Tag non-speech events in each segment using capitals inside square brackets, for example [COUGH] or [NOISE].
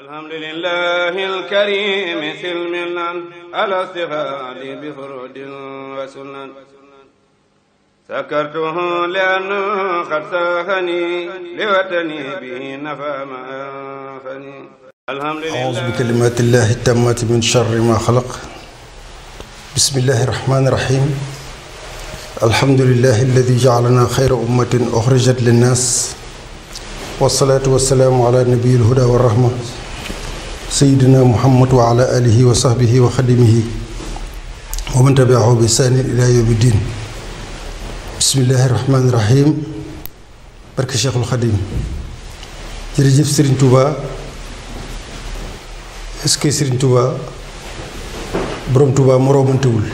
alhamdulillahi alkarimi silmilan alastihadi bi furudin wa sunan sakartuhu liannu qad saxani liwatani bihi nafa ma anfani أعوذ بكلمات الله التامة من شر ما خلق بسم الله الرحمن الرحيم الحمد لله الذي جعلنا خير أمة أخرجت للناس والصلاة والسلام على نبي الهدى والرحمة sayyidina muhammad wa ala alihi wa sahbihi wa xadimihi wa man tabiahu bi ihsaanin ila yawmi diin bismillahi rahmaani rahim barke cheikhul xadim jërëjëf Serigne Touba est-ce que Serigne Touba borom Touba moroomantewul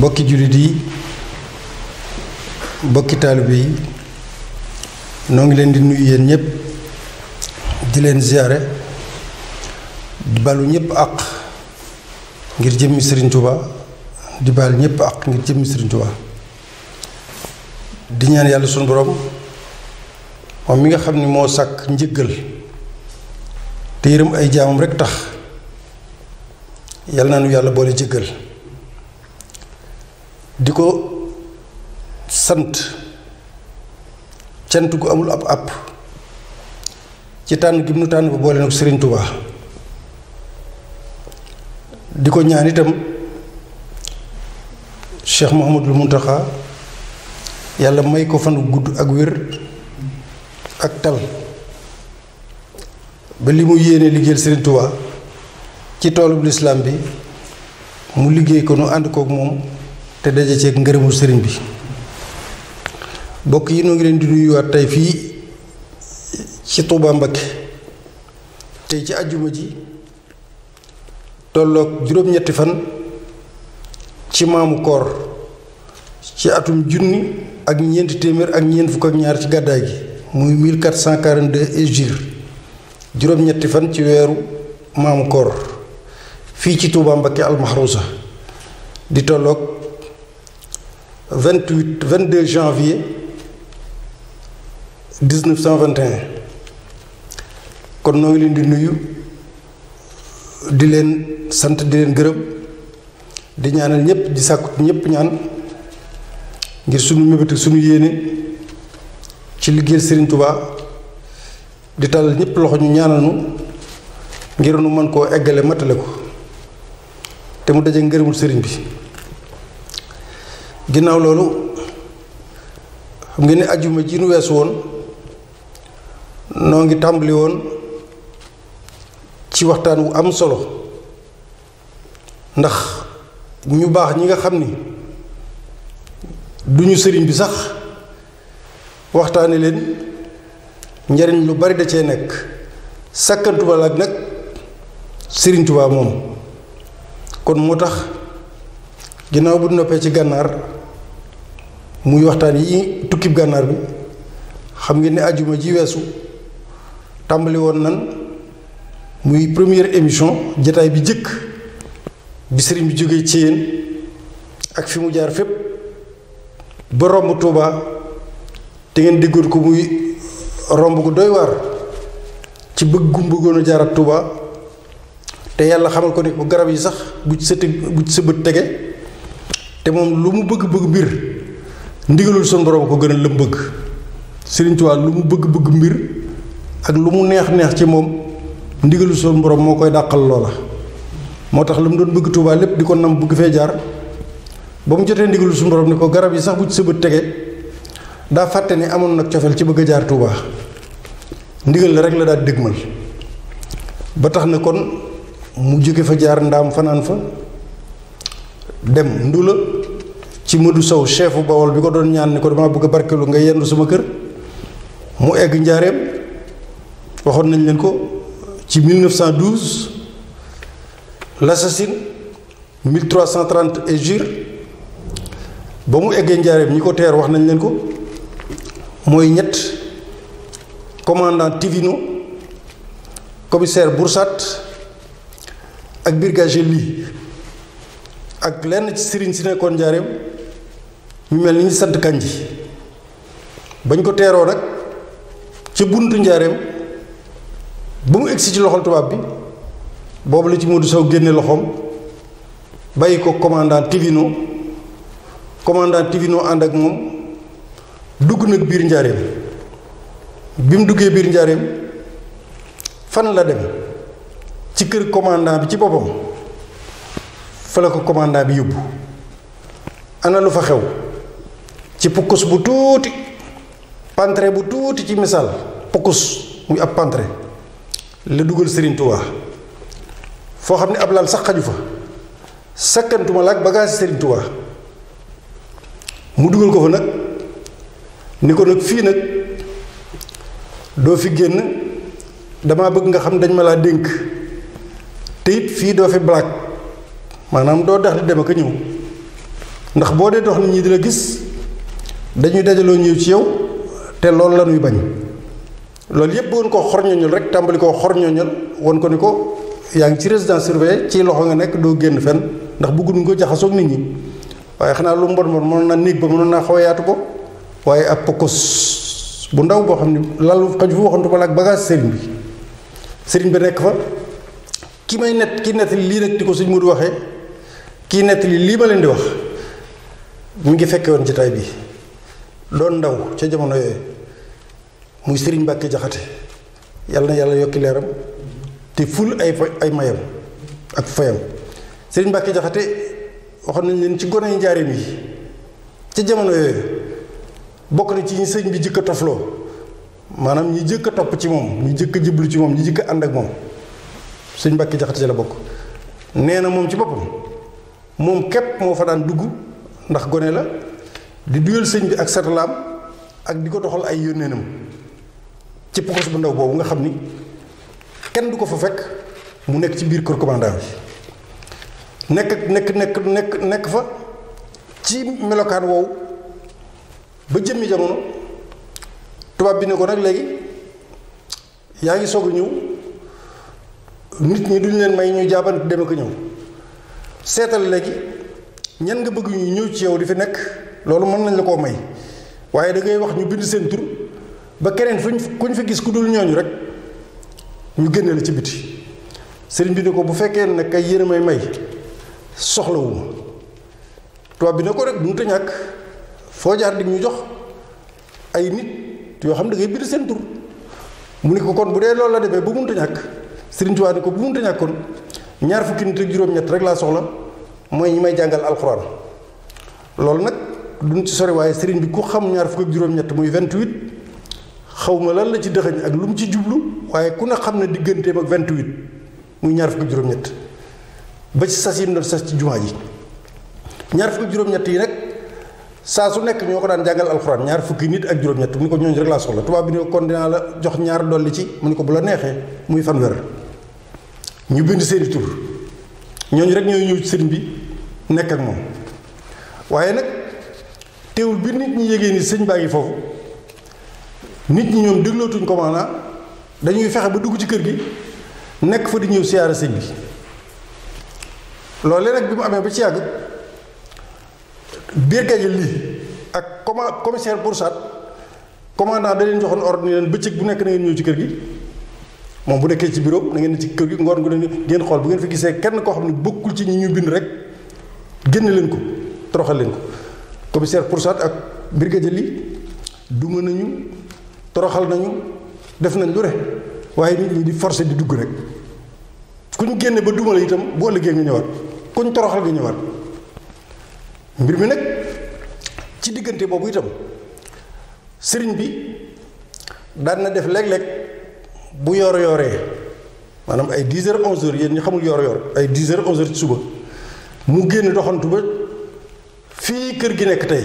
mbokki jullit yi mbokki taalib yi noo ngi leen di nuyu yéen ñëpp. di leen ziyaare dibalu balu ñëpp àq ngir jëmmi Serigne Touba di bal ñëpp àq ngir jëmmi Serigne Touba di ñaan yàlla sunu borom moom mi nga xam ni moo sàkk njëggal te yërëm ay jaamam rekk tax yàlla na nu yàlla boole jëggal di ko sant cant gu amul ab àpp ci tànn gi mu tànn bu boole nag Serigne Touba di ko ñaan itam Cheikh Mouhamadul Mountakha yàlla may ko fan gudd ak wér ak tal ba li mu yéene liggéeyal Serigne Touba ci toolub lislaam bi mu liggéey ko nu ànd kook moom te daje ceeg ngërëmu sëriñ bi bokk yi noo ngi leen di nuyuwaat tey fii ci Touba Mbakke tey ci àjjuma ji tolloog juróom-ñetti fan ci maamu koor ci atum junni ak ñeenti téeméer ak ñeent fukk ak ñaar ci gàddaay gi muy 1442 hijri juróom-ñetti fan ci weeru maamu koor fii ci Touba Mbakke almaxruusa di tolloog 28 22 janvier 1921 kon noo leen di nuyu di leen sant di leen gërëb di ñaanal ñëpp di sàkku ñépp ñaan ngir sunu mébét ak sunu yéene ci liggéey Serigne Touba di tàllal ñëpp loxo ñu ñaanal ngir nu mën koo eggale matale ko te mu daje ngërëmul sëriñ bi ginnaaw loolu xam ngeen ne ajuma ji nu weesu woon noo ngi tàmbali woon. ci waxtaan wu am solo ndax ñu baax ñi nga xam ni duñu sëriñ bi sax waxtaane leen njariñ lu bari da cee nekk sàkkantuma laag nag sëriñ Tuubaa moom kon moo tax ginnaaw bu noppee ci gànnaar muy waxtaan yi tukkib gànnaar bi xam ngeen ne ajuma ji weesu tàmbali woon nan muy première émission jataay bi jëkk bi sëriñ bi jógee ci yéen ak fi mu jaar fépp ba romb Touba te ngeen déggoon ko muy romb gu doy waar ci bëgg gum bëggoon a te yàlla xamal ko ne bu garab yi sax bu ci bu ci sa tege te moom lu mu bëgg bëgg mbir ndigalul son borom ko gën la mu bëgg Sëriñ Tuubaa lu mu bëgg bëgg mbir ak lu mu neex neex ci moom ndigalu suñu borom moo koy dàqal loola moo tax la mu doon bëgg Tuubaa lépp di ko nam bugg fee jaar ba mu jotee ndigalu su borom ni ko garab yi sax bu ci sa bët tege daa fàtte ni amoon nag cofeel ci bëgg a jaar Tuubaa ndigal la rek la daal dégmal ba tax na kon mu jóge fa jaar ndaam fanaan fa dem ndula ci Modou Sow chefu Bawol bi ko doon ñaan ni ko damaa bëgg a nga yendu sama kër mu egg njaareem waxoon nañ leen ko ci 1912 l'assassin 1330 hégire ba mu eggee njaareem ñi ko teer wax nañ leen ko mooy ñett commandant Tivino commissaire Boursat ak brigadier lii ak lenn ci sëriñ si nekkoon njaareem ñu mel ni ñu sant kanji bañ ko teeroo nag ci buntu njaareem ba mu egsi ci loxol tubaab bi boobu la ci Modou Sow génne loxoom bàyyi ko commandant Tivino commandant Tivino ànd ak moom dugg nag biir njaareem bi mu duggee biir njaareem fan la dem ci kër commandant bi ci boppam fa la ko commandant bi yóbbu ana lu fa xew ci pukkus bu tuuti pantre bu tuuti ci misaal pukkus muy ab pantre la dugal Serigne foo xam ne ab laal sax xaju fa sakkantuma la ak bagage Serigne mu dugal ko fa nag ni ko nag fii nag doo fi génn damaa bëgg nga xam dañ ma laa dénk te it fii doo fi blague maanaam doo dax di dem ak a ñëw ndax boo dee dox nit ñi di la gis dañuy dajaloo ñëw ci yow te loolu la ñuy bañ. loolu yëpp woon koo xorñoñul rek tàmbali koo xorñoñul woon ko ni ko yaa ngi ci résident surveillée ci loxo nga nekk doo génn fenn ndax bëgguñ ko jaxasoog nit ñi waaye xanaa lu mbon mbon mënoon naa néeg ba mënoon naa xaw yaatu ko waaye ab pokos bu ndaw boo xam ne lalu xaju fu waxantu ma la ak bagage sëriñ bi sëriñ bi nekk fa ki may net ki nettali lii nag di ko suñ mu di waxee kii nettali lii ma leen di wax mu ngi fekke woon ci tay bi doon ndaw ca jamono yooyu muy sëriñ Mbàkke Jaxate yàlla na yàlla yokki leeram te ful ay ay mayam ak fayam sëriñ Mbàkke Jaxate waxoon nañ leen ci gone yu njaareem yi ca jamono yooyu bokk na ci ñi sëñ bi jëkk a tofloo maanaam ñi jëkk a topp ci moom ñi jëkk a jiblu ci moom ñi jëkk a ànd ak moom sëriñ Mbàkke Jaxate ci la bokk nee na moom ci boppam moom képp moo fa daan dugg ndax gone la di duyal sëñ bi ak satalaam ak di ko doxal ay yónneenam ci pokos bu ndaw boobu nga xam ni kenn du ko fa fekk mu nekk ci biir kër commandant bi nekk nekk nekk nekk nekk fa ci melokaan woowu ba jëmmi jamono tubaab bi ne ko nag léegi yaa ngi soog a ñëw nit ñi duñ leen may ñuy jaaban dem ak ñëw seetal léegi ñenn nga bëgguñu ñëw ci yow di fi nekk loolu mën nañ la koo may waaye da ngay wax ñu bind seen tur. ba keneen fuñ kuñ fi gis ku dul ñooñu rek ñu génne la ci biti sëriñ bi ne ko bu fekkee nag kay yéen may may soxlawuma tubaab bi ne ko rek du ñàkk foo jaar di ñu jox ay nit yoo xam ne ngay bind seen tur mu ne ko kon bu dee loolu la demee bu munta ñàkk sëriñ Tuubaa ne ko bu mun ñàkk kon ñaar fukki nit ak juróom-ñett rek laa soxla mooy ñi may jàngal alxuraan loolu nag duñ ci sori waaye sëriñ bi ku xam ñaar fukk ak juróom-ñett muy 28 xaw ma lan la ci dëxëñ ak lu mu ci jublu waaye ku ne xam ne digganteem ak 28 muy ñaar fukki juróom-ñett ba ci sas yi mu sas ci jumaa ji ñaar fukki juróom-ñett yi nag saa su nekk ñoo ko daan jàngal alxuraan ñaar fukki nit ak juróom-ñett mu ni ko ñooñu rek laa soxla tubaab bi ni ko kon dinaa la jox ñaar dolli ci mu ni ko bu la neexee muy fan fanweer ñu bind seeni tur ñooñu rek ñoo ñëw ci sëriñ bi nekk ak moom waaye nag teewul bi ñu ñi yégée sëñ baa foofu nit ñi ñoom déglootuñ ko dañuy fexe ba dugg ci kër gi nekk fa di ñëw siyaara sëñ bi loolu nag bi mu amee ba ci yàgg biir gaje ak comma commissaire Boursat commandant da leen joxoon ordre ni leen bëccëg bu nekk na ngeen ñëw ci kër gi moom bu nekkee ci bureau na ngeen ci kër gi ngoon gu ne ngeen xool bu ngeen fi gisee kenn koo xam ne bokkul ci ñi ñu bind rek génn leen ko toroxal leen ko commissaire Boursat ak biir gaje lii duma nañu toroxal nañu def nañ lu re waaye nit ñi di forcé di dugg rek ku ñu génne ba dumala itam boo liggéey nga ñëwaat ku ñu toroxal nga ñëwaat mbir mi nag ci diggante boobu itam sëriñ bi daan na def léeg-léeg bu yoor yooree maanaam ay dix heures onze heures yéen xamul yoor yoor ay dix heures onze ci suba mu génn doxantu ba fii kër gi nekk tey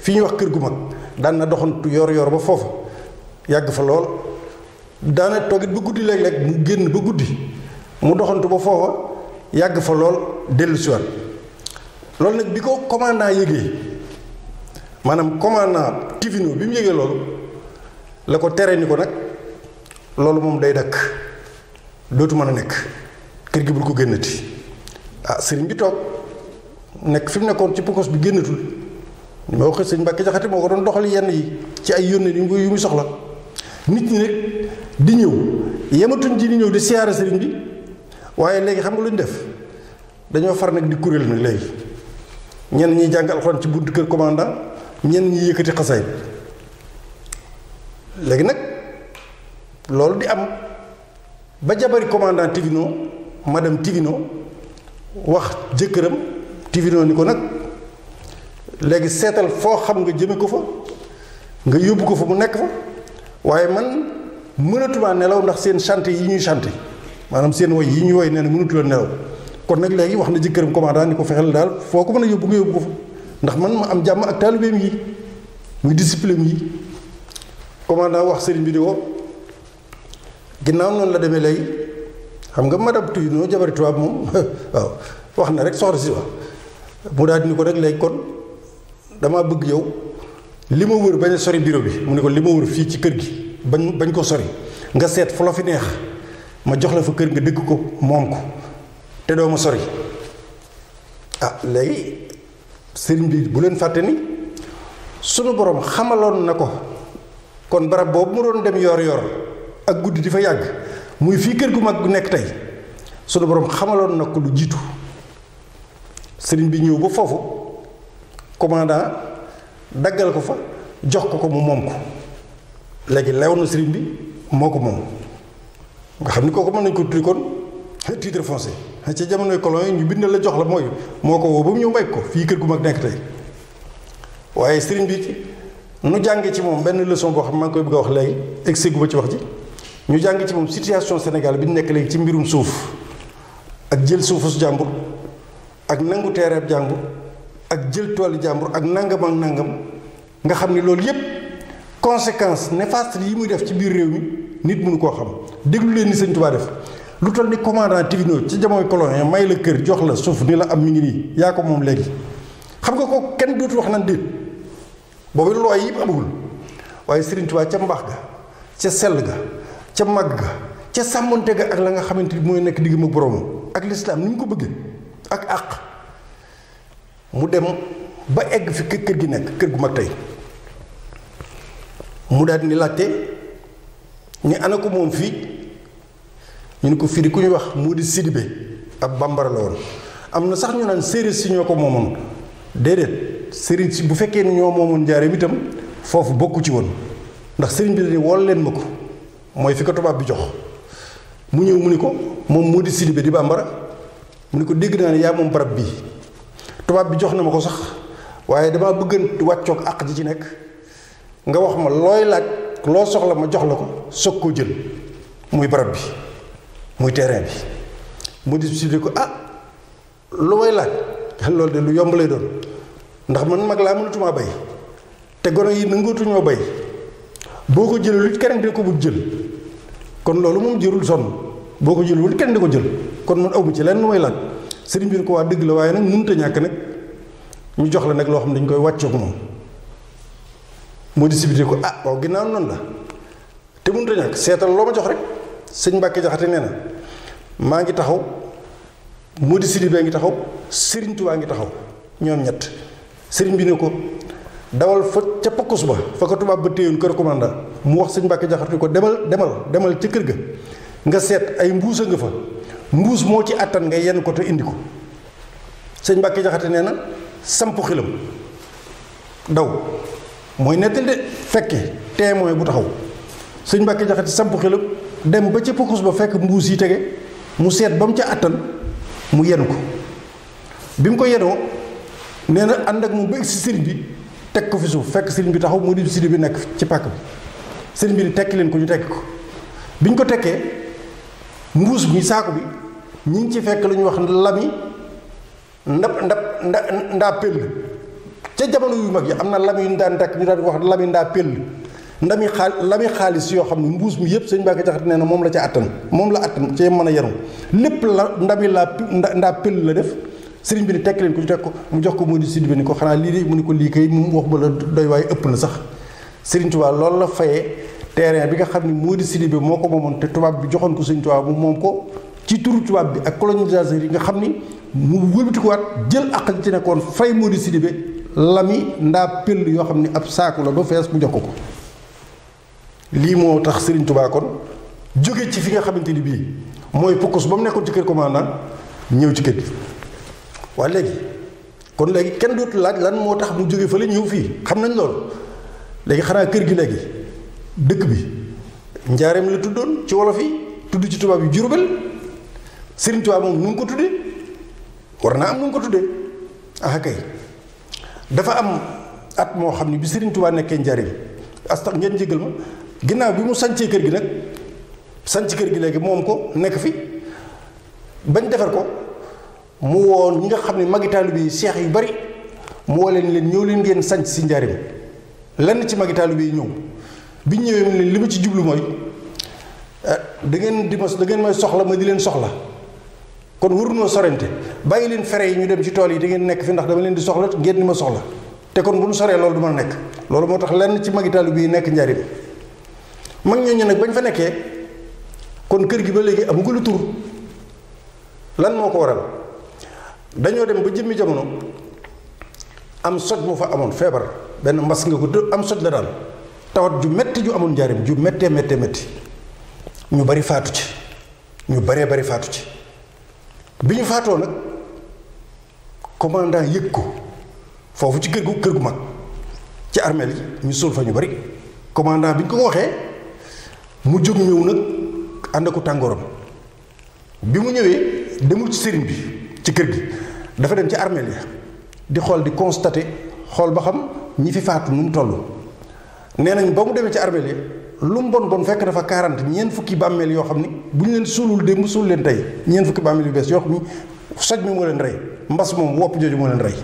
fii ñu wax kër gu mag daan na doxantu yoor yoor ba foofu yàgg fa lool daana toogit ba guddi léeg-léeg mu génn ba guddi mu doxantu ba foofa yàgg fa lool dellu si waat loolu nag bi ko commandant yëgee maanaam commandant Tivino bi mu yëgee loolu la ko tere ni ko nag loolu moom day dakk dootu mën a nekk kër gi bul ko génnati ah sëriñ bi toog nekk fi mu nekkoon ci pokos bi génnatul ni ma waxee sëñ Mbàkke moo ko doon doxal yenn yi ci ay yónne yu muy soxla nit ñi nag di ñëw yematuñ ci di ñëw di siyaare sëriñ bi waaye léegi xam nga lu ñu def dañoo far nag di kuréel nag léegi ñenn ñi jàng alxuraan ci buntu kër commandant ñenn ñi yëkkati xasaay bi léegi nag loolu di am ba jabari commandant Tivino madame Tivino wax jëkkëram Tivino ni ko nag léegi seetal foo xam nga jëme ko fa nga yóbbu ko fa mu nekk fa waaye man mënatumaa nelaw ndax seen chanté yi ñuy chanté maanaam seen woy yi ñuy woy nee na mënatula nelaw kon nag léegi wax na jëkkëram commandant ni ko fexeel daal foo ko mën a yóbbu nga yóbbu ko ndax man ma am jàmm ak taalibeem yi muy discipline yi commandant wax sëriñ bi di woo ginnaaw noonu la demee léegi xam nga madame tuy noo jabari tubaab moom [LAUGHS] waaw wax na rek soxna si wax mu daal di ko rek léegi kon damaa bëgg yow li ma wër bañ sori bureau bi mu ne ko li ma wër fii ci kër gi bañ bañ koo sori nga seet fu la fi neex ma jox la fa kër nga dëkk ko moom ko te doo ma sori ah léegi sëriñ bi bu leen fàtte ni sunu borom xamaloon na ko kon barab boobu mu doon dem yoor yor ak guddi di fa yàgg muy fii kër gu mag gu nekk tey sunu borom xamaloon na ko lu jiitu sëriñ bi ñëw ba foofu commandant. daggal ko fa jox ko ko mu moom ko léegi lew na sëriñ bi moo ko moom nga xam ni kooku mën nañ ko tuddi kon titre foncier ci jamonoy colon yi ñu bind la jox la mooy moo ko woo ba mu ñëw may ko fii kër gu mag nekk tey waaye sëriñ bi nu jànge ci moom benn leçon boo xam maa ngi koy bëgg a wax léegi egsi gu ma ci wax ji ñu jàng ci moom situation Sénégal bi nekk léegi ci mbirum suuf ak jël suufu su jàmbur ak nangu teereeb jàmbur ak jël toolu jàmbur ak nangam nangam nga xam ni loolu yépp conséquence néfaste yi muy def ci biir réew mi nit mënu ko xam déglu leen ni sëñ def lu toll ni commandant Tivino ci jamono colonel may la kër jox la suuf ni la am mu ngi nii yaa ko moom léegi xam nga ko kenn dootu wax nan déet boobu looy yi amagul waaye Sëriñ Tuubaa ca mbax ga ca sell ga ca mag ga ca sàmmonte ga ak la nga xamante ni mooy nekk digg ma boroomam ak lislaam ni mu ko bëggee ak àq mu dem ba egg fi kër gi nekk kër gu mag tey mu daal ni laajte ñu ana ko moom fii ñu ni ko fii di ku ñuy wax moo di Sidibé ab bambara la woon am na sax ñu naan séeréer si ñoo ko moomoon déedéet sëriñ si bu fekkee ni ñoo moomoon njaareem itam foofu bokku ci woon ndax sëriñ bi dañuy wool ma ko mooy fi ko tubaab bi jox mu ñëw mu ni ko moom moo di Sidibé di bambara mu ni ko dégg naa ne yaa moom barab bii tubaab bi jox na ma ko sax waaye damaa bëggan wàccoog àq di ci nekk nga wax ma looy laaj loo soxla ma jox la ko soog koo jël muy barab bi muy tere bi mu disbisibli ko ah lu may laaj [LAUGHS] loolu de lu yomb lay doon ndax man mag laa mënatumaa bay te gone yi nangootuñoo bay boo ko jëlul it keneen dina ko jël kon loolu moom jërul sonn boo ko jëlul keneen di ko jël kon man awmu ci lenn lu laaj sëriñ bi ko waa dëgg la waaye nag munut a ñàkk nag ñu jox la nag loo xam ne dañ koy wàccoog moom moo di sibité ko ah waaw ginnaaw noonu la te mënut a ñàkk seetal loo ma jox rek sëñ Mbàkke Jaxate nee na maa ngi taxaw moo di sidi bee ngi taxaw sëriñ Tuubaa ngi taxaw ñoom ñett sëriñ bi ne ko dawal fa ca tubaab ba téyoon kër commandant mu wax sëñ Mbàkke Jaxate ko demal demal demal ca kër ga nga seet ay mbuusa nga fa mbuus moo ci attan nga yenn ko te indi ko sëñ Mbàkke Jaxate nee na samp xilam daw mooy nettali de fekke témoin bu taxaw sëñ Mbàkke Jaxate samp xilam dem ba ca pokkus ba fekk mbuus yi tege mu seet ba mu ca attan mu yenu ko bi mu ko yenoo nee nag ànd ak mu ba si sëriñ bi teg ko fi suuf fekk sëriñ bi taxaw moo di sidi bi nekk ci pàkk bi sëriñ bi ni tekki leen ko ñu tekki ko bi ñu ko tekkee mbuus mi saako bi ñu ngi ci fekk lu ñuy wax lami ndab ndab ndaa péll ca jamono yu mag yi am na lam yu ñu daan takk ñu daan wax lami ndaa péll ndami xaal lami xaalis yoo xam ne mbuus mi yëpp sëñ Mbàkke Jaxate nee na moom la ca attan moom la attan cee mën a yaru lépp la ndami laa ndaa péll la def sëriñ bi ni tekk leen ko teg ko mu jox ko mu di sud bi ni ko xanaa lii de mu ne ko lii kay mu wax la doy waaye ëpp na sax sëriñ Tuubaa loolu la fayee terrain bi nga xam ne moo di sidi moo ko moomoon te tubaab bi joxoon ko sëriñ Tuubaa moom ko ci turu tubaab bi ak colonisateur yi nga xam ni mu wëlbatikuwaat jël àq ci nekkoon fay Mody Sidibé lami ndaa pël yoo xam ni ab saaku la ba fees mu jox ko ko lii moo tax Serigne Touba kon jóge ci fi nga xamante ni bii mooy pokkus ba mu nekkoon ci kër commandant ñëw ci kër gi waaye léegi kon léegi kenn dootu laaj lan moo tax mu jóge fa fële ñëw fii xam nañ loolu léegi xanaa kër gi léegi dëkk bi njaareem la tuddoon ci wolof yi tudd ci tubaab yi Jurbel Sëriñ Tuubaa moom nu ngi ko tuddee war naa am nu ngi ko tuddee ah dafa am at moo xam ne bi sëriñtuwaa Tuubaa nekkee njariñ as tax ngeen jégal ma ginnaaw bi mu sancee kër gi nag sanc kër gi léegi moom ko nekk fi bañ defar ko mu woo ñi nga xam ne magi taalibe yi seex yu bari mu woo leen leen ñëw leen ngeen sanc si njariñ lenn ci magi taalibe yi ñëw bi ñëwee mu leen li ma ci jublu mooy eh, da ngeen di ma da ngeen may soxla ma di leen soxla kon warunoo sorente bàyyi leen fere yi ñu dem ci tool yi di ngeen nekk fi ndax dama leen di soxla ngeen ni ma soxla te kon bu ñu soree loolu du nekk loolu moo tax lenn ci magi taalibe yi nekk njariñ mag ñooñu nag bañ fa nekkee kon kër gi ba léegi amugul tur lan moo ko waral dañoo dem ba jëmmi jamono am soj mu fa amoon feebar benn mbas nga ko am soj la daal tawat ju metti ju amoon njariñ ju mettee méttee métti ñu bari faatu ci ñu bari faatu ci bi ñu faatoo nag commandant yëg ko foofu ci kër gu kër gu mag ci armeel yi ñu sol fa ñu bari commandant bi ñu ko waxee mu jóg ñëw nag ànd ko tàngooram bi mu ñëwee demul ci sëriñ bi ci kër gi dafa dem ci armeel ya di xool di constater xool ba xam ñi fi faatu nu mu toll nee nañ ba mu demee ci armeel yi lu mu bon bon fekk dafa 40 ñeent fukki bàmmeel yoo xam ni bu ñu leen suulul démb suul leen tey ñeent fukki bàmmeel yu bees yoo xam ni soj mi moo leen rey mbas moom wopp jooju moo leen rey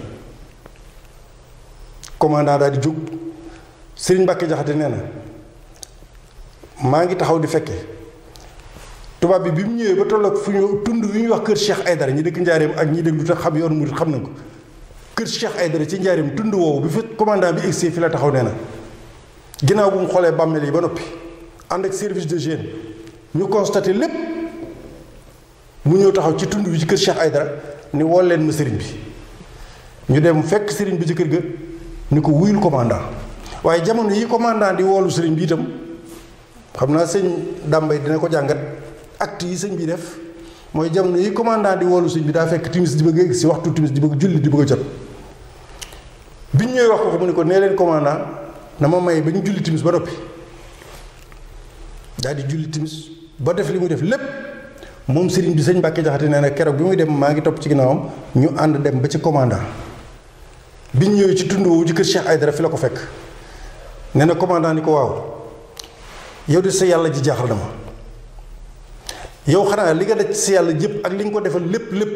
commandant daal di jóg Serigne Mbacke Jaxate nee na maa ngi taxaw di fekke tubaab bi bi mu ñëwee ba tolloog fu ñu tund wi ñuy wax kër Cheikh Aydara ñi dëkk Njaareem ak ñi déglu te xam yoonu murit xam nañ ko kër ay Aydara ci Njaareem tund woowu bi fa commandant bi egsee fi la taxaw nee na ginnaaw bu mu xoolee bàmmeel yi ba noppi ànd ak service de jeune ñu constaté lépp mu ñëw taxaw ci tund bi ci kër Cheikh Aydara ni woo leen ma sëriñ bi ñu dem fekk sëriñ bi ci kër ga ni ko wuyul commandant waaye jamono yi commandant di wolu sëriñ bi itam xam naa sëñ dàmbay dina ko jàngat acte yi sëñ bi def mooy jamono yi commandant di wolu sëñ bi daa fekk timis di bëgg egg si waxtu timis di bëgg julli di bëgg a jot biñ ñëwee wax ko mu ne ko nee leen na ma may ba ñu julli timis ba noppi daal di julli timis ba def li muy def lépp moom sëriñ bi sëñ Mbàkke Jaxate nee na keroog bi muy dem maa ngi topp ci ginnaawam ñu ànd dem ba ci commandant biñ ñëwee ci tund woowu ci kër Cheikh Aydara fi la ko fekk nee na commandant ni ko waaw yow de sa yàlla ji jaaxal na ma yow xanaa li nga daj sa yàlla jëpp ak li nga ko defal lépp lépp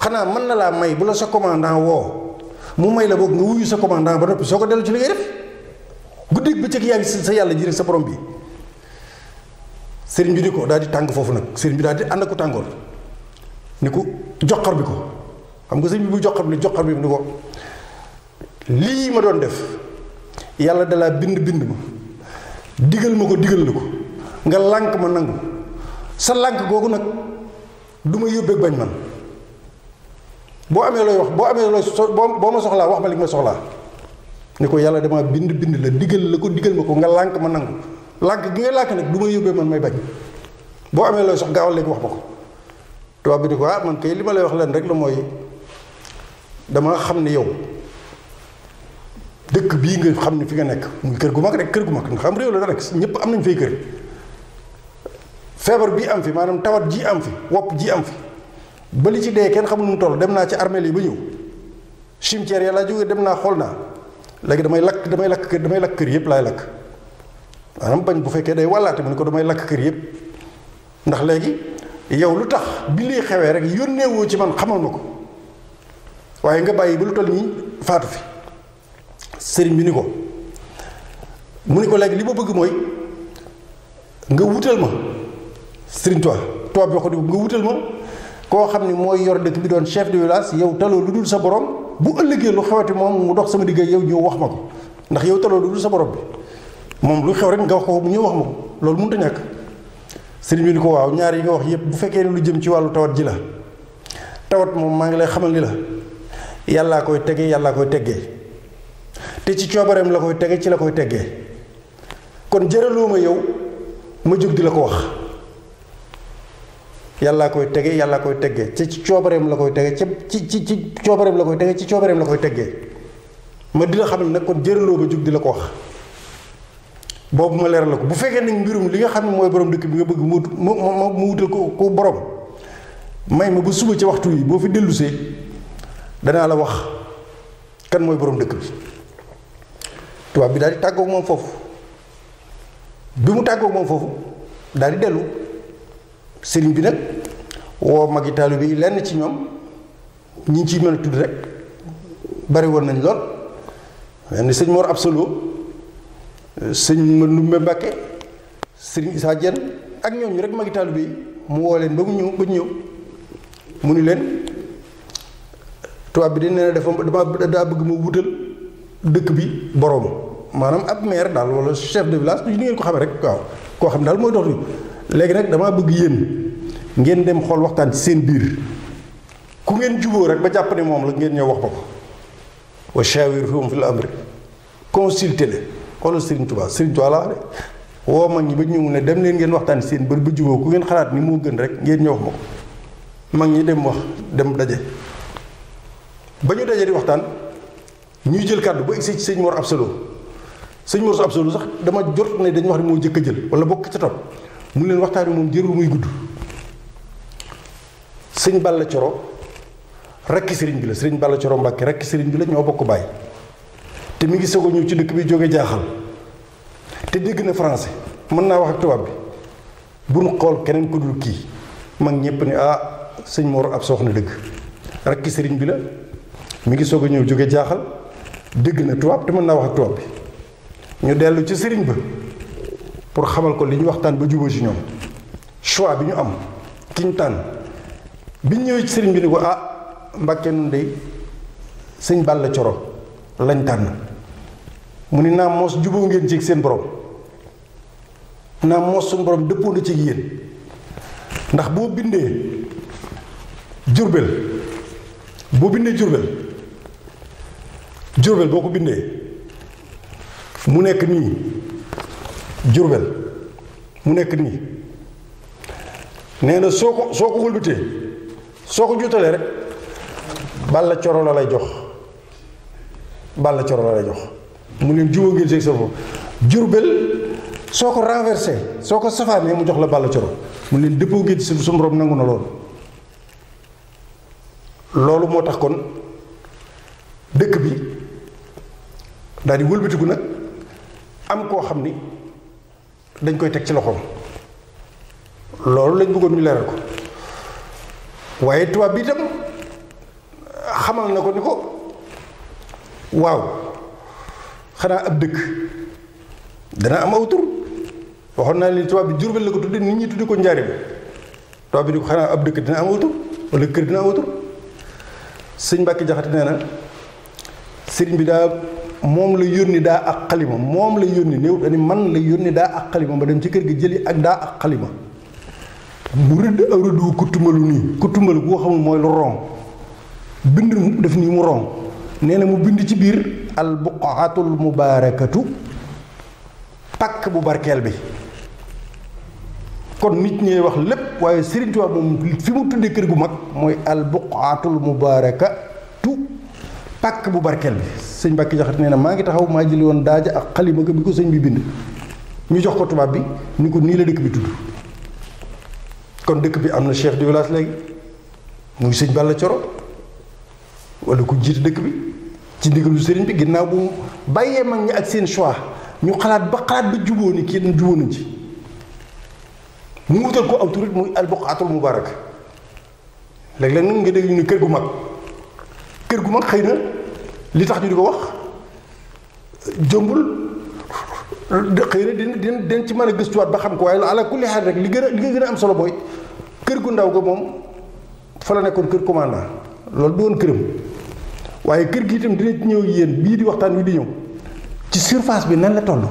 xanaa mën na laa may bu la sa commandant woo mu may la boog nga wuyu sa commandant ba guddeeg bëccëg yaa ngi sa yàlla ji rek sa borom bi sëriñ bi ni ko daal di tàng foofu nag sëriñ bi daal di ànd ak ko tàngoor ni ko joxar bi ko xam nga sëriñ bi bu joxar bi ni joxar bi ni ko lii ma doon def yàlla dalaa bind bind ma digal ma ko digal la ko nga lànk ma nangu sa lànk googu nag du ma yóbbeeg bañ man boo amee looy wax boo amee looy so boo ma soxlaa wax ma li ma soxlaa ni ko yàlla dama bind bind la digal la ko digal ma ko nga lànk ma nangu lànk gi nga lànk nag du ma yóbbee man may bañ boo amee looy sox gaawal léegi wax ma ko tubaab bi ah, ne li ma lay wax leen rek la mooy dama xam ne yow dëkk bii nga xam ne fi nga nekk muy kër gu mag rek kër gu mag nga xam réew la da rek ñëpp am nañ fay kër feebar bi am fi maanaam tawat ji am fi wopp ji am fi ba li ci dee kenn xamul nu mu toll dem naa ci armeel yi ba ñëw cimetière ya laa jógee dem naa xool naa léegi damay lakk damay lakk kër damay lakk kër yëpp laay lakk maanaam bañ bu fekkee day wàllaate mu ne ko damay lakk kër yëpp ndax léegi yow lu tax bi xewee rek yónneewoo ci man xamal ma ko waaye nga bàyyi ba lu toll nii faatu fi sëriñ bi ni ko mu ni ko léegi li ma bëgg mooy nga wutal ma sëriñ Tuubaa Tuubaa bi ko ni nga wutal ma koo xam ni mooy yor dëkk bi doon chef de village yow taloo lu dul sa borom bu ëllëgee lu xewati moom mu dox sama digg yow ñëw wax ma ko ndax yow taloo du sa borom bi moom lu xew rek nga wax ko mu ñëw wax ma ko loolu mun a ñàkk. sëriñ bi ni ko waaw ñaar yi nga wax yëpp bu fekkee ne lu jëm ci wàllu tawat ji la tawat moom maa ngi lay xamal ni la yàllaa koy tegee yàllaa koy teggee te ci coobareem la koy tege ci la koy teggee kon loo ma yow ma jóg di la ko wax. yàllaa koy tege yàllaa koy teggee ci coobareem la koy tege ci ci ci coobareem la koy tege ci coobareem la koy teggee ma dina xam ne nag kon jëraloo ba jug di la ko wax boobu ma leeral la ko bu fekkee nag mbirum li nga xam ne mooy borom dëkk bi nga bëgg mu mu mu wutal ko ku borom ma ba suba ci waxtu yi boo fi dellusee danaa la wax kan mooy borom dëkk bi tubaab bi daal di tàggoog foofu bi mu tàggoog moom foofu daal di dellu. sëriñ bi nag woo magi taalibe yi lenn ci ñoom ñi ñu ciy mën a tudd rek bari woon nañ lool mel ni sëñ Mor Absolo sëñ Mandumbe Mbàkke sëriñ saa Jeen ak ñooñu rek magi taalibe yi mu woo leen ba mu ñëw ba ñëw mu ni leen tubaab bi de na dafa dama daa bëgg ma wutal dëkk bi boroom maanaam ab maire daal wala chef de village li ngeen ko xamee rek waaw koo xam daal mooy dox li léegi nag damaa bëgg yéen ngeen dem xool waxtaan ci seen biir ku ngeen juboo rek ba jàpp moom la ngeen ñëw wax ko ko wa shawirhum fil amri consulté le xoolal Serigne Touba Serigne Touba laa de woo mag ñi ba ñëw ne dem leen ngeen waxtaan ci seen biir ba juboo ku ngeen xalaat ni moo gën rek ngeen ñëw wax ma ko mag ñi dem wax dem daje ba ñu daje di waxtaan ñuy jël kàddu ba egsi ci sëñ Mor Absolo sëñ Mor Absolo sax dama jot ne dañu wax ne moo jëkk jël wala bokk ca topp mu leen waxtaan moom jërul muy gudd sëñ Balla Coro rakki sëriñ bi la sëriñ Balla Coro Mbàkke rakki sëriñ bi la ñoo bokk bàyyi te mi ngi soog a ñëw ci dëkk bi jóge jaaxal te dégg na français mën naa wax ak tubaab bi bu xool keneen ku kii mag ñépp ni ah sëñ Mor ab soxna dégg rakki sëriñ bi la mu ngi soog a ñëw jóge jaaxal dégg na tubaab te mën naa wax ak tubaab bi ñu dellu ci sëriñ ba pour xamal ko li ñu waxtaan ba jubóo ci ñoom choix bi ñu am ki tànn bi ñu ñëwee ci sëriñ bi ni ko ah Mbàkke nun de sëñ Balla Coro lañ tànn mu ne naam mos jubóo ngeen ci seen borom naam moos suñu borom dëppoo na ci yéen ndax boo bindee jurbel boo bindee jurbel jurbel boo ko bindee mu nekk nii Jurbel mu nekk nii nee na soo ko soo ko wëlbatee soo ko jutalee rek Balla Coro la lay jox Balla Coro la lay jox mu leen jiwoo ngeen seeg sa foofu Jurbel soo ko renversé soo ko safaanee mu jox la Balla Coro mu leen dëppoo ngeen si suñu borom nangu na loolu loolu moo tax kon dëkk bi daal di wëlbatiku nag am koo xam ni dañ koy teg ci loxoom loolu lañ bëggoon ñu leeral ko waaye tubaab bi itam xamal na ko ni ko waaw xanaa ab dëkk dana am aw waxoon naa leen tubaab bi Jurbel la ko tudde nit ñi tudde ko Njaaréem tubaab bi ni ko xanaa ab dëkk dina am aw tur wala kër dina am aw tur sëñ Mbàkke Jaxate nee sëriñ bi daa moom la yónni daa ak xalima moom la yónni néew dani man la yónni daa ak xalima ma dem ci kër gi jëli ak daa ak xalima bu rëdd aw rëdd wu ku nii ku boo xamul mooy lu rong bind mu def nii mu rong nee na mu bind ci biir al buqaatul mubaarakatu pàkk bu barkeel bi kon nit ñee wax lépp waaye Sëriñ moom fi mu tuddee kër gu mag mooy al buqaatul mubaaraka pàkk bu barkeel bi sëñ Mbàkke Jaxate nee na maa ngi taxaw maa jëli woon daaja ak xalima bi ko sëñ bi bind ñu jox ko tubaab bi ni ko nii la dëkk bi tudd kon dëkk bi am na chef de village léegi muy sëñ Balla Coro wala ku jiite dëkk bi ci ndigalu sëriñ bi ginnaaw bu bàyyee mag ñi ak seen choix ñu xalaat ba xalaat ba jubóo ni kii dañ jubóo nañ ci mu wutal ko autorité muy albuqaatul mubaaraka léeg-léeg nag nga dégg ñu ne kër gu mag kër gu mag xëy na li tax ñu di ko wax jëmbul xëy na dina dina dina ci mën a gëstuwaat ba xam ko waaye ala kulli xaal rek li gën a li gën a am solo booy kër gu ndaw ga moom fa la nekkoon kër commandant loolu du woon këram waaye kër gi itam dina ci ñëw yéen bii di waxtaan wi di ñëw ci surface bi nan la toll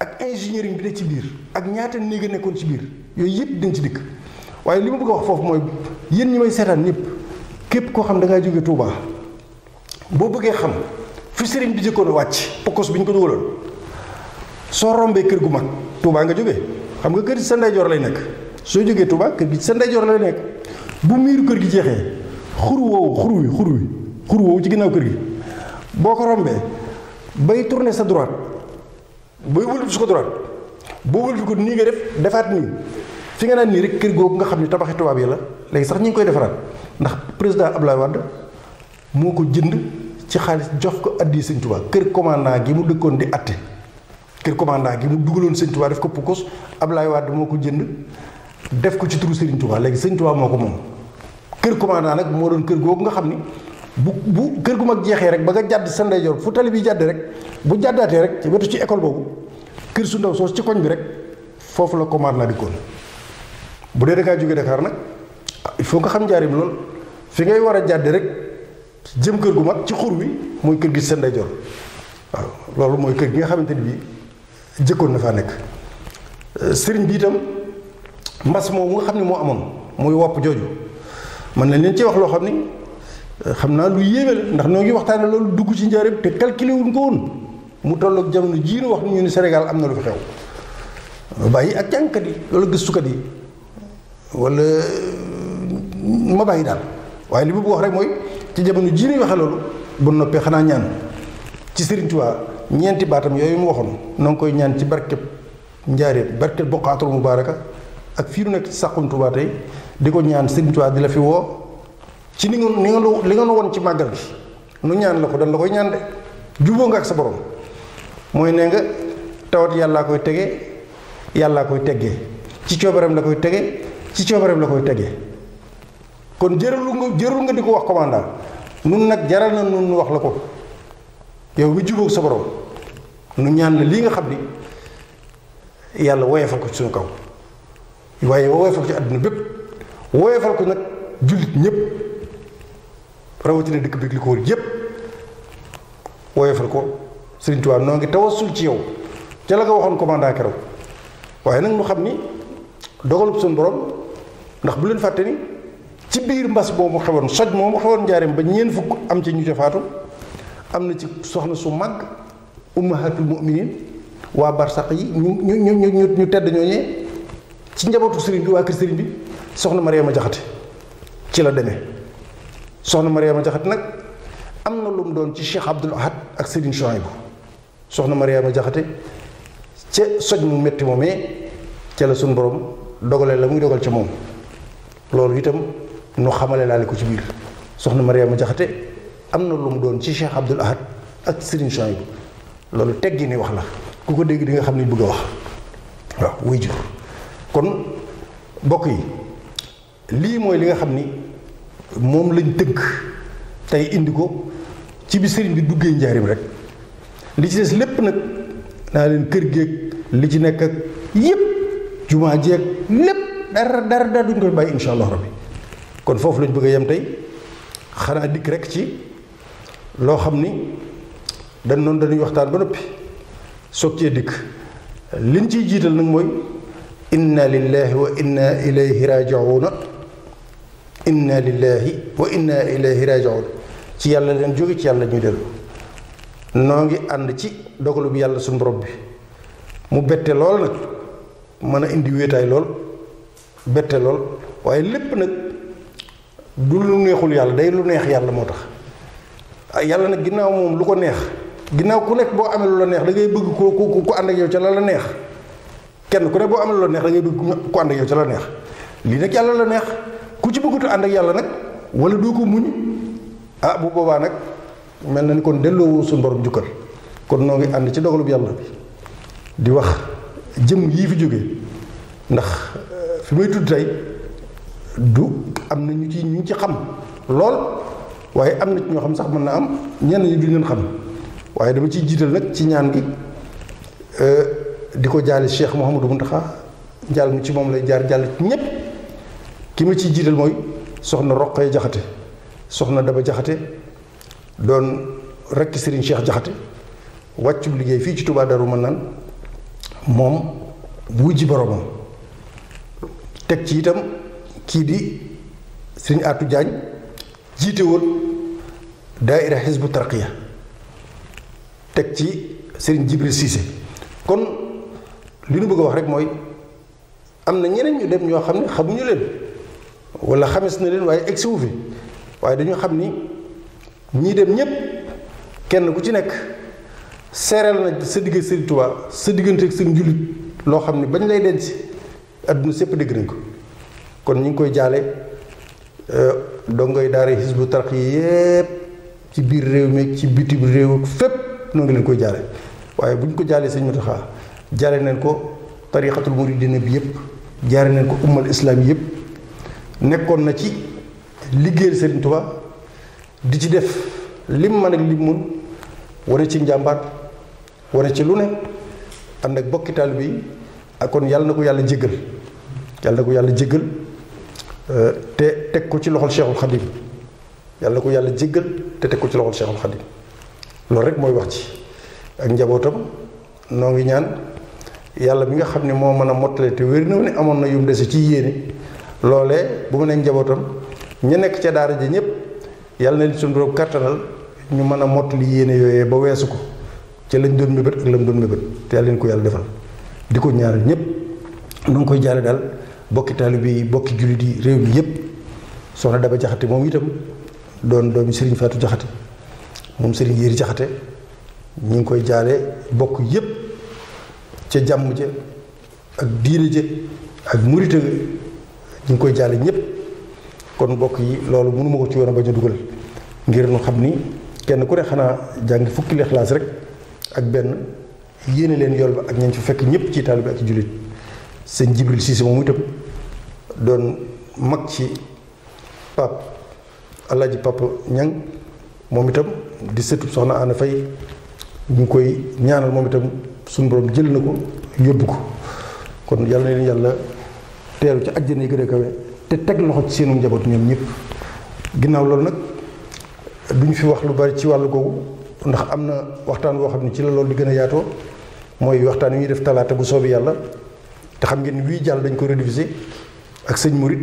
ak ingénierie bi ne ci biir ak ñaata néeg nekkoon ci biir yooyu yëpp dañ ci dikk waaye li ma bëgg a wax foofu mooy yéen ñi may seetaan ñëpp. képp koo xam da ngaa jóge Touba boo bëggee xam fi sëriñ bi jëkkoon wàcc pokos bi ñu ko dugaloon soo rombee kër gu mag tuubaa nga jógee xam nga kër sa ndeyjoor lay nekk soo jógee Touba kër gi sa ndeyjoor lay nekk bu miiru kër gi jeexee xuru woowu xuru wi xur wi xuru woowu ci ginnaaw kër gi boo ko rombee bay tourner sa droite bay wëlbati su ko droite boo wëlbati ko nii nga def defaat nii fi nga naan nii rek kër googu nga xam ne tabaxi tubaab yi la léegi sax ñu ngi koy defaraat ndax président Abdoulaye Wade moo ko jënd ci xaalis jox ko addi Sëñ Tuubaa kër commandant gi mu dëkkoon di atte kër commandant gi mu dugaloon Sëñ Tuubaa def ko pukkus Abdoulaye Wade moo ko jënd def ko ci turu Sëriñ Tuubaa léegi Sëñ Tuubaa moo ko moom kër commandant nag moo doon kër googu nga xam ni bu bu kër gu mag jeexee rek ba nga jàdd sa ndeyjoor fu tali bi jàddee rek bu jàddaatee rek ci wetu ci école boobu kër su ndaw soos ci koñ bi rek foofu la commandant dikkoon bu dee da ngaa jóge Dakar nag il faut nga xam njaarim lool fi ngay war a jàdd rek jëm kër gu mag ci xur bi mooy kër gi seen ndeyjoor waaw loolu mooy kër gi nga xamante ni bii jëkkoon na faa nekk euh, sëriñ bi itam mbas moom nga xam ne moo amoon muy wopp jooju man nañ leen cee wax loo xam ni euh, xam naa lu yéeme ndax noo ngi waxtaane loolu dugg ci njaarim te calculé wuñ ko woon mu tolloog jamono jii nu wax ni ñu ni Sénégal am na lu fi xew bàyyi ak jàngkat yi loolu gëstukat yi wala ma bàyyi daal waaye li ma bëgg wax rek mooy ci jamono jii ñuy waxee loolu bu noppee xanaa ñaan ci Serigne ñeenti baatam yooyu mu waxoon na koy ñaan ci barkeb njaareem barkeb boqaatul mubaaraka ak fii nu nekk ci Saxum Touba tey di ko ñaan Serigne Touba di la fi woo ci ni nga ni nga li nga woon ci màggal gi nu ñaan la ko dañ la koy ñaan de juboo nga ak sa borom mooy nee nga tawat yàllaa koy tege yàllaa koy teggee ci coobareem la koy tege ci coobareem la koy tege kon jërul nga jërul nga di ko wax commandant nun nag jaral na nun wax la ko yow mi jubóog sa borom nu ñaan la lii nga xam ni yàlla woyefal ko ci suñu kaw waaye woyefal ko ci àdduna bépp nag jullit ñépp rawatina dëkk bi li ko wër yépp woyefal ko Sëriñ Tuubaa noo ngi tawasul ci yow ca nga waxoon commandant keroo waaye nag mu xam ni dogalub suñu borom ndax bu leen fàtte ni ci biir mbas boobu xewoon soj moomu xewoon njaareem ba ñeen fukk am ci ñu ca am na ci soxna su mag ummahatul muminin waa barsaq yi ñu ñu ñu ñu tedd ñooñee ci njabootu sëriñ bi waa kër sëriñ bi soxna Mariama Jaxate ci la demee soxna Mariama Jaxate nag am na lum doon ci Cheikh Abdoul Ahad ak sëriñ Chouaïbou soxna Mariama Jaxate ca soj mu métti moomee ca la suñ borom dogalee la muy dogal ci moom loolu itam nu xamale laale ko ci biir soxna Mariama Jaxate am na lu mu doon ci Cheikh Abdoul Ahad ak Serigne Souhaïbou loolu teggi ni wax la ku ko dégg di nga xam ni bëgg a wax waaw way kon bokk yi lii mooy li nga xam ni moom lañ tëgg tey indi ko ci biir sëriñ bi duggee njaarim rek li ci des lépp nag naa leen kër géeg li ci nekk ak yépp jumaa jeeg lépp dara dara dara duñ koy bàyyi insha allah rabbi kon foofu lañ bëgg a yem tey xanaa dikk rek ci loo xam ni dañ noonu dañuy waxtaan ba noppi soog cee dikk liñ ciy jiital nag mooy inna lillahi wa inna ilayhi raji'una inna lillahi wa inna ilayhi raji'un ci yàlla leen jóge ci yàlla ñuy dellu noo ngi ànd ci dogalu bi yàlla suñu borom bi mu bette lool nag mën a indi wéetaay lool bette lool waaye lépp nag du lu neexul yàlla day lu neex yàlla moo tax ah, yàlla nag ginnaaw moom lu ko neex ginnaaw ku nekk boo amee lu la neex da ngay bëgg ku ku ku ànd ak yow ca la neex kenn ku nekk boo amee lu neex da ngay bëgg ku ànd ak yow ca neex lii nag yàlla la neex ku ci bëggatu ànd ak yàlla nag wala doo ko muñ ah bu boobaa nag mel na ni kon delloo suñu borom jukkal kon noo ngi ànd ci bi yàlla di wax jëm yii fi jóge ndax eh, fi may tudd tey du am na ñu ci ñu ci xam lool waaye am na ñoo xam sax mën na am ñenn ñi duñ leen xam waaye dama ciy jiital nag ci ñaan gi euh, di ko jaale Cheikh Mouhamadou Mountakha jàll mu ci moom lay jaar jàll ci ñépp ki ma ciy jiital mooy soxna Roqee Jaxate soxna dama Jaxate doon rekk Serigne Cheikh Jaxate wàccub liggéey fii ci Touba Darou Manane moom wujji boromam teg ci itam kii di sëñ Atou Diagne jiite woon daaira xisbu tarqiya teg ci sëriñ Jibril Cissé kon li ñu bëgg wax rek mooy am na ñeneen ñu dem ñoo xam ne xamuñu leen wala xames na leen waaye egsi wu fi waaye dañu xam ni ñii dem ñépp kenn ku ci nekk seereel na sa digg sëriñ Tuubaa sa diggante ak sëriñ jullit loo xam ne bañ lay denc àdduna sépp dégg nañ ko kon ñu ngi koy jaale euh, dongoy daara Hizbut Tarqiyyah yépp ci biir réew mi ci bitim réew fépp noo ngi leen koy jaale waaye bu ñu ko jaalee sëñ Mountakha jaale nañ ko tariqatul muridina bi yépp jaare nañ ko ummal islam yépp nekkoon na ci liggéeyal Sëriñ Tuubaa di ci def lim mën ak lim mun wane ci njàmbaar wane ci lu ne ànd ak bokki taalibe yi ak kon yàlla na ko yàlla jéggal yàlla na ko yàlla jéggal te teg ko ci loxol Cheikhul Khadim yàlla ko yàlla jéggal te teg ko ci loxol Cheikhul Khadim loolu rek mooy wax ci ak njabootam noo ngi ñaan yàlla bi nga xam ne moo mën a mottale te wér na ne amoon na yum dese ci yéene loole bu mu nekk njabootam ñu nekk ca daara ji ñëpp yàlla na li suñu borom kattanal ñu mën a mottali yéene yooyee ba weesu ko ci lañ doon mébét ak lam doon mébét te yàlla leen ko yàlla defal di ko ñaanal ñëpp nu ngi koy jaare daal bokki taalibe yi bokki jullit yi réew mi yëpp soxna Daba Jaxate moom itam doon doomi Serigne Fatou Jaxate moom Serigne Yéri Jaxate ñu ngi koy jaale bokk yëpp ca jàmm ja ak diine ja ak murite ga koy jaale ñëpp kon bokk yi loolu mënuma ko ci yoon a bañ a dugal ngir nu xam ni kenn ku ne xanaa jàngi fukki lixlaas rek ak benn yéene leen yool ba ak ñañ fa fekk ñëpp ci taalibe ak ci jullit sëñ Jibril Cissé moom itam doon mag ci pap alaaji papa ñang moom itam di sëtub soxna Ana fay ñu koy ñaanal moom itam suñu borom jël na ko yóbbu ko kon yàlla na leen yàlla teeru ci àjjana yi gën a kawe te teg loxo ci seenu njaboot ñoom ñëpp ginnaaw loolu nag duñu fi wax lu bari ci wàll googu ndax am na waxtaan woo xam ne ci la loolu di gën a yaatoo mooy waxtaan yu ñuy def talaata bu soobee yàlla te xam ngeen wii jàll dañ ko rediffuser ak sëñ murit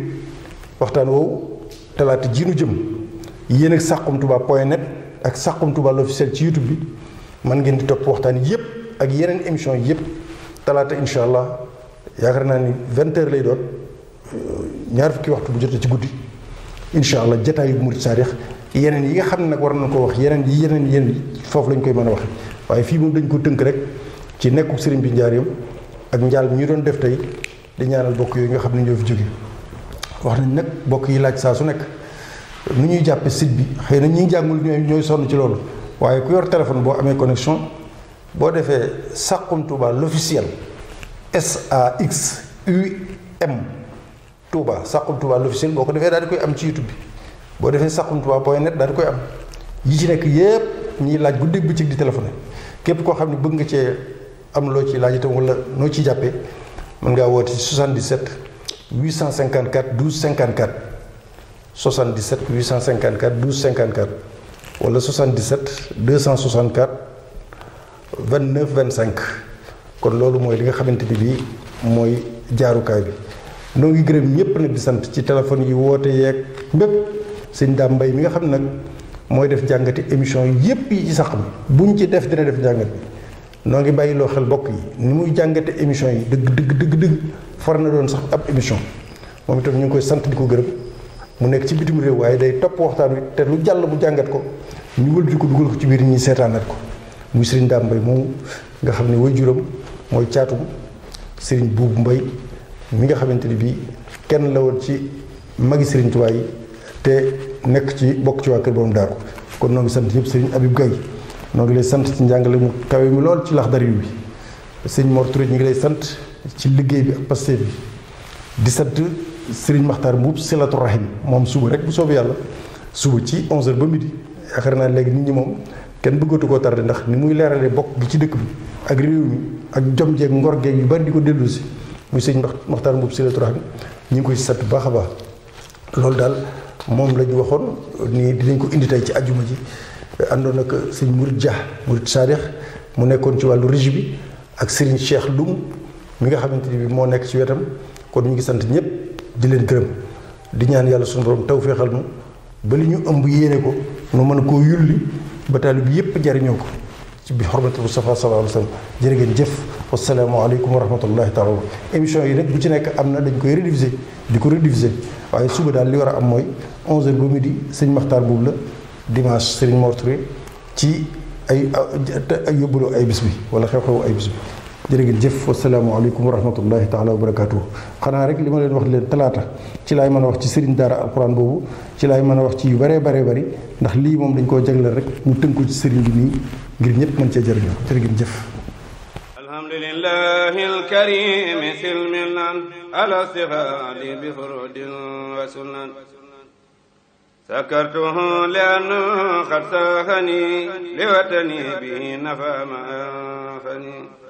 waxtaan woowu talaata ji nu jëm yéen ak Saxum tubaab point net ak Saxum Touba l'officiel ci YouTube bi man ngeen di topp waxtaan yépp ak yeneen émission yépp talaata incha allah yaakaar naa ni vingt lay doon euh, ñaar fukki waxtu bu jotee ci guddi incha allah jataayu Mouride Saarix yeneen yi nga xam ne nag war nañ koo wax yeneen yi yeneen yeneen foofu lañ koy mën a wax waaye fii moom dañ ko tënk rek ci nekku sëriñ bi njaareem ak njaal mi ñu doon def tey di ñaanal bokk yooyu nga xam ne ñoo fi jóge wax nañ nag bokk yi laaj saa su nekk nu ñuy jàppe site bi xëy na ñi jàngul ñooy ñooy sonn ci loolu waaye ku yor téléphone boo amee connexion boo defee Saxum Touba l'officiel A X U M Touba Saxum Touba boo ko defee daal koy am ci YouTube bi boo defee Saxum Touba point net daal di koy am yi ci nekk yépp ñiy laaj guddi bëccëg di téléphoné képp koo xam ne bëgg nga cee am loo ciy laaj itam wala noo ci jàppee. mën ngaa woote ci 77 854 12 54 77 854 12 54 wala 77 264 29 25 kon loolu mooy li nga xamante ni bii mooy jaarukaay bi noo ngi gërëm ñëpp nag di sant ci téléphone yi woote yeeg bépp sëñ Dame mbay mi nga xam nag mooy def jàngati émission yépp yi ci sax mi buñ ci def dina def jàngat bi noo ngi bàyyi loo xel bokk yi ni muy jàngate émission yi dëgg dëgg dëgg dëgg far na doon sax ab émission moom itam ñu ngi koy sant di ko gërëm mu nekk ci bitim réew waaye day topp waxtaan wi te lu jàll mu jàngat ko ñu wëlbati ko dugal ko ci biir ñi seetaanat ko muy sëriñ Dame Mbaye moom nga xam ne way juram mooy caatu sëriñ buubu mbay mi nga xamante ni bii kenn la woon ci magi sëriñ Tuubaa yi te nekk ci bokk ci waa kër borom daaru kon noo ngi sant yëpp sëriñ noo ngi lay sant ci njàngale mu kawe mi lool ci Laxdari bi sëñ Mor Touré ñu ngi lay sant ci liggéey bi ak passé bi di sant Serigne Makhtar Mbuub Silatu Rahim moom suba rek bu soobee yàlla suba ci 11h ba midi yaakaar naa léegi nit ñi moom kenn bëggatu koo tardé ndax ni muy leeralee bokk gi ci dëkk bi ak réew mi ak jom jeeg ngor geeg yu bari di ko dellu si muy sëñ Makhtar Mbuub Silatu Rahim ñu ngi koy sant bu baax a baax loolu daal moom lañu waxoon ni dinañ ko indi tey ci ajuma ji. àndoon ak sëñ Murid Dia Murid Saadix mu nekkoon ci wàllu régie bi ak Serigne Cheikh Loum mi nga xamante ni bi moo nekk ci wetam kon ñu ngi sant ñëpp di leen gërëm di ñaan yàlla suñu borom tawféexal nu ba li ñu ëmb yéene ko nu mën koo yulli ba taalib yëpp jariñoo ko ci bi xormati Mustafa sallallahu alayhi wa sallam jërë ngeen jëf wasalaamaaleykum wa rahmatullahi taala émission yi nag bu ci nekk am na lañ koy rédiviser di ko rédiviser waaye suba daal li war a am mooy 11h sëñ Maxtaar boobu la dimanche Serigne Mor Touré ci ay ay yóbbaloo ay bis bi wala xew-xewu ay bis bi jërë ngeen jëf wasalaamaaleykum wa rahmatullahi taala wa barakatuh xanaa rek li ma leen wax leen talaata ci laay mën a wax ci Serigne Daara alquran boobu ci laay mën a wax ci yu baree bare bari ndax lii moom dañ koo jagleel rek mu tënku ci Serigne bi nii ngir ñëpp mën cee jëriñoo jërë ngeen jëf alhamdulillahi alkarim silmilan ala سكرته لأنه قد ساخني لوتني به نفى ما أنفني